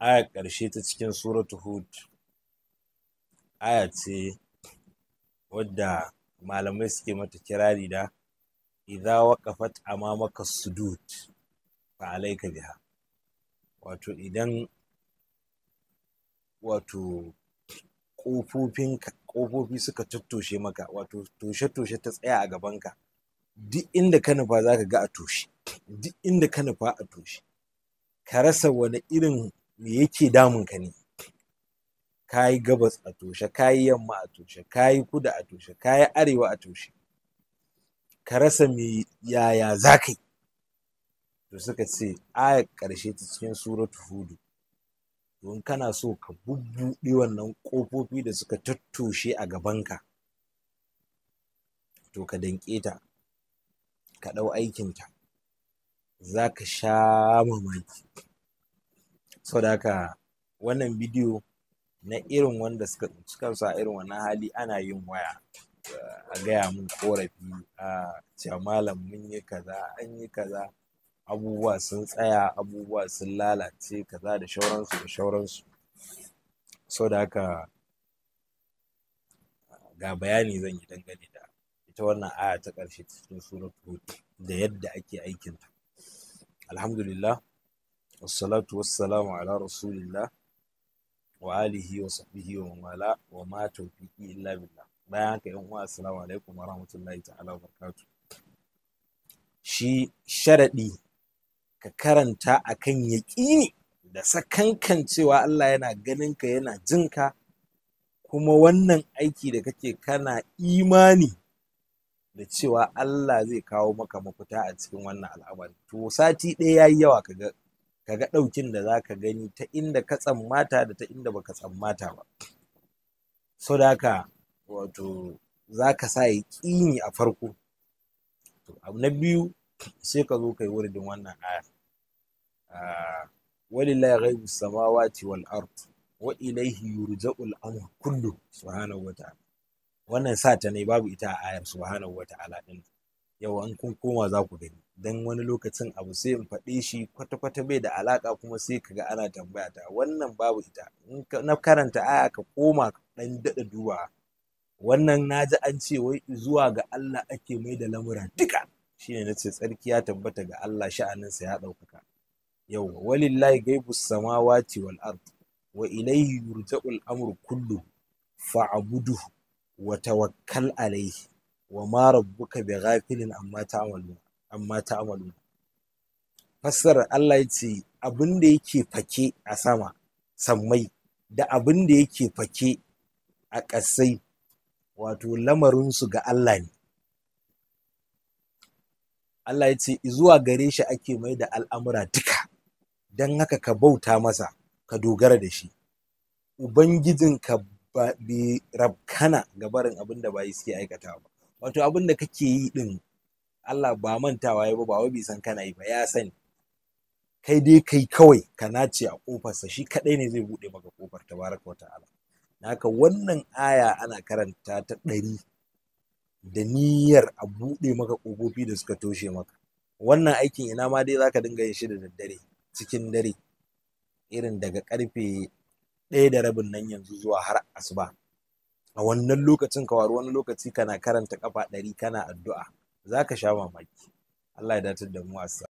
Aya ƙarshe ta cikin suratu hud aya ce wadda malamai suke mata kirari da idza waqafat amamaka sudud fa alayka biha wato idan wato kofofinka ƙofofi suka tattoshe maka wato toshe-toshe ta tsaya a gabanka duk inda ka nufa za ka ga a toshe duk inda ka nufa a toshe ka rasa wani irin me yake damun ka ne ka yi gabas a toshe ka yi yamma a toshe ka yi kudu a toshe ka yi arewa a toshe ka rasa me yaya za ka yi to suka ce aya ƙarshe ta cikin suratu hudu don kana so ka bubbuɗe wannan ƙofofi da suka tattoshe a gabanka to ka danƙe ta ka ɗau aikinta za ka sha mamaki saboda haka wannan bidiyo na irin wanda suka tsinci kansu a irin wannan hali ana yin waya a gaya mun korafi a cewa malam mun yi kaza an yi kaza abubuwa sun tsaya abubuwa sun lalace kaza da shauransu da shauransu sau da haka ga bayani zan yi dangane da ita wannan aya ta ƙarshe cikin surat hud da yadda ake aikinta alhamdulillah wassalatu wassalamu ala rasulillah wa alihi wa sahbihi wa wa ma tawfiqi illa billah bayan haka yan uwa assalamu alaikum wa rahmatullahi ta'ala wa barakatuh shi sharadi ka karanta akan yaƙini da sakankan cewa Allah yana ganin ka yana jin ka kuma wannan aiki da kake kana imani da cewa Allah zai kawo maka mafita a cikin wannan al'amari to sati ɗaya yayi yawa kaga ka ga ɗaukin da za ka gani ta inda ka tsammata da ta inda baka tsammata ba so da haka wato za ka sa ya ƙini a farko abu na biyu sai ka zo ka yi wuridin wannan aya ah, walillahi ghaibu samawati wal ard wa ilayhi yurja'ul amru kullu subhanahu wata'ala wannan sa ta ne babu ita a ayar subhanahu wata'ala din yau an kun koma za ku gani dan wani lokacin abu sai in faɗe shi kwata-kwata bai da alaka kuma sai ka ga ana tambaya ta wannan babu ita na karanta aya ka koma ɗan daɗa duba wannan na ji an ce wai zuwa ga Allah ake mai da lamura duka shine na ce tsarki ya tabbata ga Allah sha'aninsa ya ɗaukaka yau walillahi gaibu samawati wal ard wa ilayhi yurja'ul amru kullu fa'abudu wa tawakkal alayhi wa ma rabbuka bi ghafilin amma ta'malun amma fassarar Allah ya ce abin da yake fake a sama sammai da abin da yake fake a ƙasai wato lamarinsu ga Allah ne Allah ya ce zuwa gare shi ake mai da al'amura duka don haka ka bauta masa ka dogara da shi ubangijinka bi rabkana ga barin abin da suke aikata ba wato abin da kake yi din Allah ba mantawa ya ba ba wai bai san kana yi ba ya sani kai dai kai kawai ka nace a kofarsa shi kadai ne zai bude maka kofar tabaraka wa ta'ala naka wannan aya ana karanta ta ɗari da niyyar a buɗe maka ƙofofi da suka toshe maka wannan aikin ina ma dai zaka dinga yin shi da daddare cikin dare irin daga karfe ɗaya da rabin nan yanzu zuwa har asuba a wannan lokacin ka wari wani lokaci kana karanta kafa ɗari kana addu'a za ka sha mamaki Allah ya datar da mu